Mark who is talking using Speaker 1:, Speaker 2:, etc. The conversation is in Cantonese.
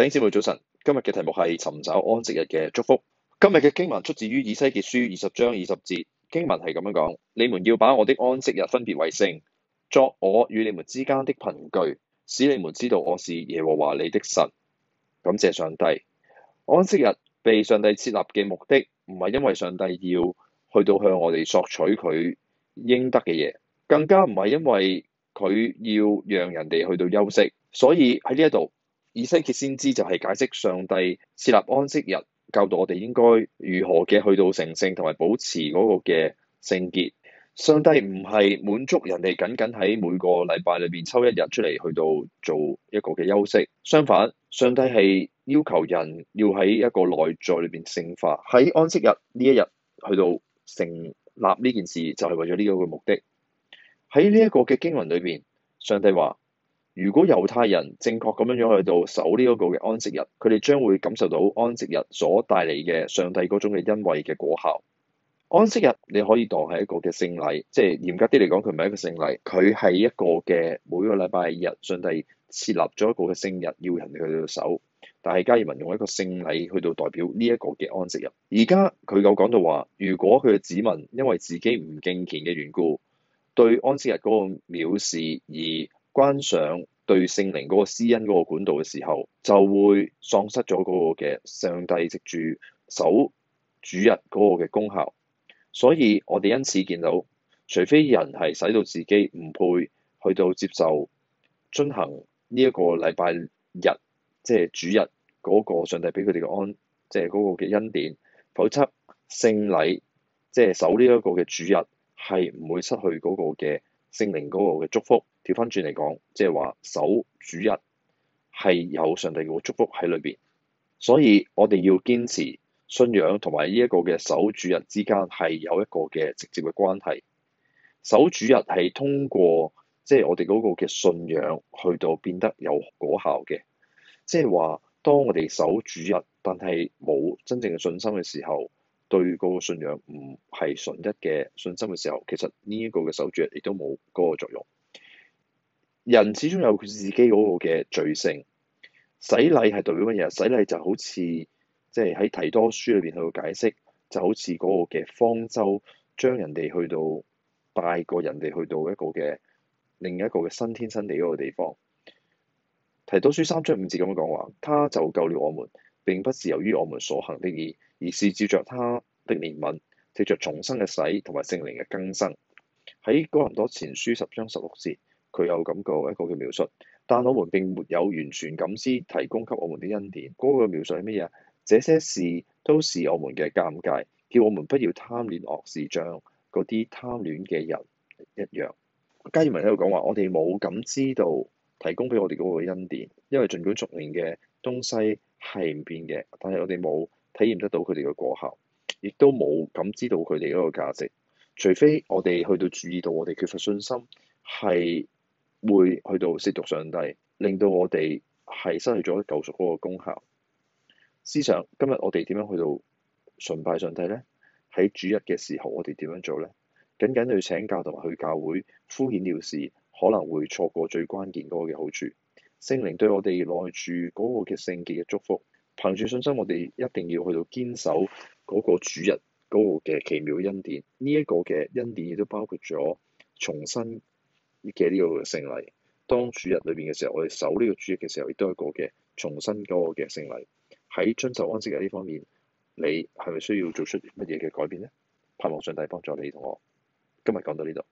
Speaker 1: 弟兄姊妹早晨，今日嘅題目係尋找安息日嘅祝福。今日嘅經文出自於以西結書二十章二十節，經文係咁樣講：你們要把我的安息日分別為聖，作我與你們之間的憑據，使你們知道我是耶和華你的神。感謝上帝，安息日被上帝設立嘅目的唔係因為上帝要去到向我哋索取佢應得嘅嘢，更加唔係因為佢要讓人哋去到休息，所以喺呢一度。以西結先知就係解釋上帝設立安息日，教導我哋應該如何嘅去到成聖同埋保持嗰個嘅聖潔。上帝唔係滿足人哋，僅僅喺每個禮拜裏邊抽一日出嚟去到做一個嘅休息。相反，上帝係要求人要喺一個內在裏邊聖化。喺安息日呢一日去到成立呢件事，就係為咗呢一個嘅目的。喺呢一個嘅經文裏邊，上帝話。如果猶太人正確咁樣樣去到守呢一個嘅安息日，佢哋將會感受到安息日所帶嚟嘅上帝嗰種嘅恩惠嘅果效。安息日你可以當係一個嘅聖禮，即係嚴格啲嚟講，佢唔係一個聖禮，佢係一個嘅每個禮拜日上帝設立咗一個嘅聖日要人哋去到守。但係加爾文用一個聖禮去到代表呢一個嘅安息日。而家佢有講到話，如果佢嘅子民因為自己唔敬虔嘅緣故，對安息日嗰個藐視而。關上對聖靈嗰個施恩嗰個管道嘅時候，就會喪失咗嗰個嘅上帝藉住守主日嗰個嘅功效。所以我哋因此見到，除非人係使到自己唔配去到接受遵行呢一個禮拜日，即係主日嗰個上帝俾佢哋嘅安，即係嗰個嘅恩典，否則聖禮即係守呢一個嘅主日係唔會失去嗰個嘅聖靈嗰個嘅祝福。調翻轉嚟講，即係話守主日係有上帝嘅祝福喺裏邊，所以我哋要堅持信仰同埋呢一個嘅守主日之間係有一個嘅直接嘅關係。守主日係通過即係我哋嗰個嘅信仰去到變得有果效嘅，即係話當我哋守主日，但係冇真正嘅信心嘅時候，對嗰個信仰唔係純一嘅信心嘅時候，其實呢一個嘅守主日亦都冇嗰個作用。人始終有佢自己嗰個嘅罪性，
Speaker 2: 洗禮係代表乜
Speaker 1: 嘢？洗禮就好似即係喺提多書裏邊去到解釋，就好似嗰個嘅方舟，將人哋去到帶過人哋去到一個嘅另一個嘅新天新地嗰個地方。提多書三章五節咁樣講話，他就救了我們，並不是由於我們所行的義，而是照着他的憐憫，藉着重生嘅洗同埋聖靈嘅更生。喺哥林多前書十章十六節。佢有感覺一個嘅描述，但我們並沒有完全感知提供給我們啲恩典嗰、那個描述係咩嘢？這些事都是我們嘅尷尬，叫我們不要貪戀惡事，像嗰啲貪戀嘅人一樣。加爾文喺度講話，我哋冇感知到提供俾我哋嗰個恩典，因為儘管屬靈嘅東西係唔變嘅，但係我哋冇體驗得到佢哋嘅果效，亦都冇感知到佢哋嗰個價值，除非我哋去到注意到我哋缺乏信心係，會去到褻瀆上帝，令到我哋係失去咗救贖嗰個功效。思想今日我哋點樣去到崇拜上帝呢？喺主日嘅時候，我哋點樣做呢？僅僅去請假同埋去教會，敷衍了事，可能會錯過最關鍵嗰個嘅好處。聖靈對我哋內住嗰個嘅聖潔嘅祝福，憑住信心我哋一定要去到堅守嗰個主日嗰個嘅奇妙恩典。呢一個嘅恩典亦都包括咗重生。嘅呢個聖禮，當主日裏邊嘅時候，我哋守呢個主日嘅時候，亦都係一個嘅重新嗰個嘅聖禮。喺遵守安息日呢方面，你係咪需要做出乜嘢嘅改變咧？盼望上帝幫助你同我，今日講到呢度。